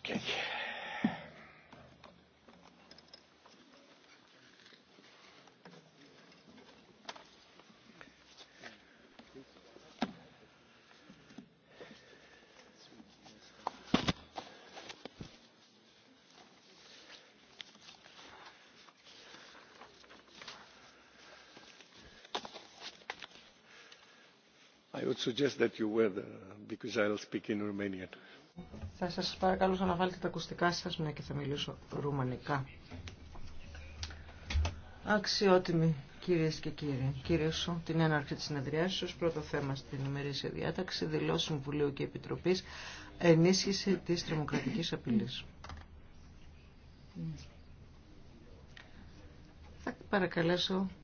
Okay. I would suggest that you wear the, because I'll speak in Romanian. Θα σας παρακαλούσα να βάλετε τα ακουστικά σας, μια και θα μιλήσω ρουμανικά. Αξιότιμοι κυρίε και κύριοι, σου, την έναρξη τη συνεδριάσεω, πρώτο θέμα στην ημερήσια διάταξη, δηλώσει Συμβουλίου και Επιτροπή ενίσχυση τη τρομοκρατική απειλή. Θα παρακαλέσω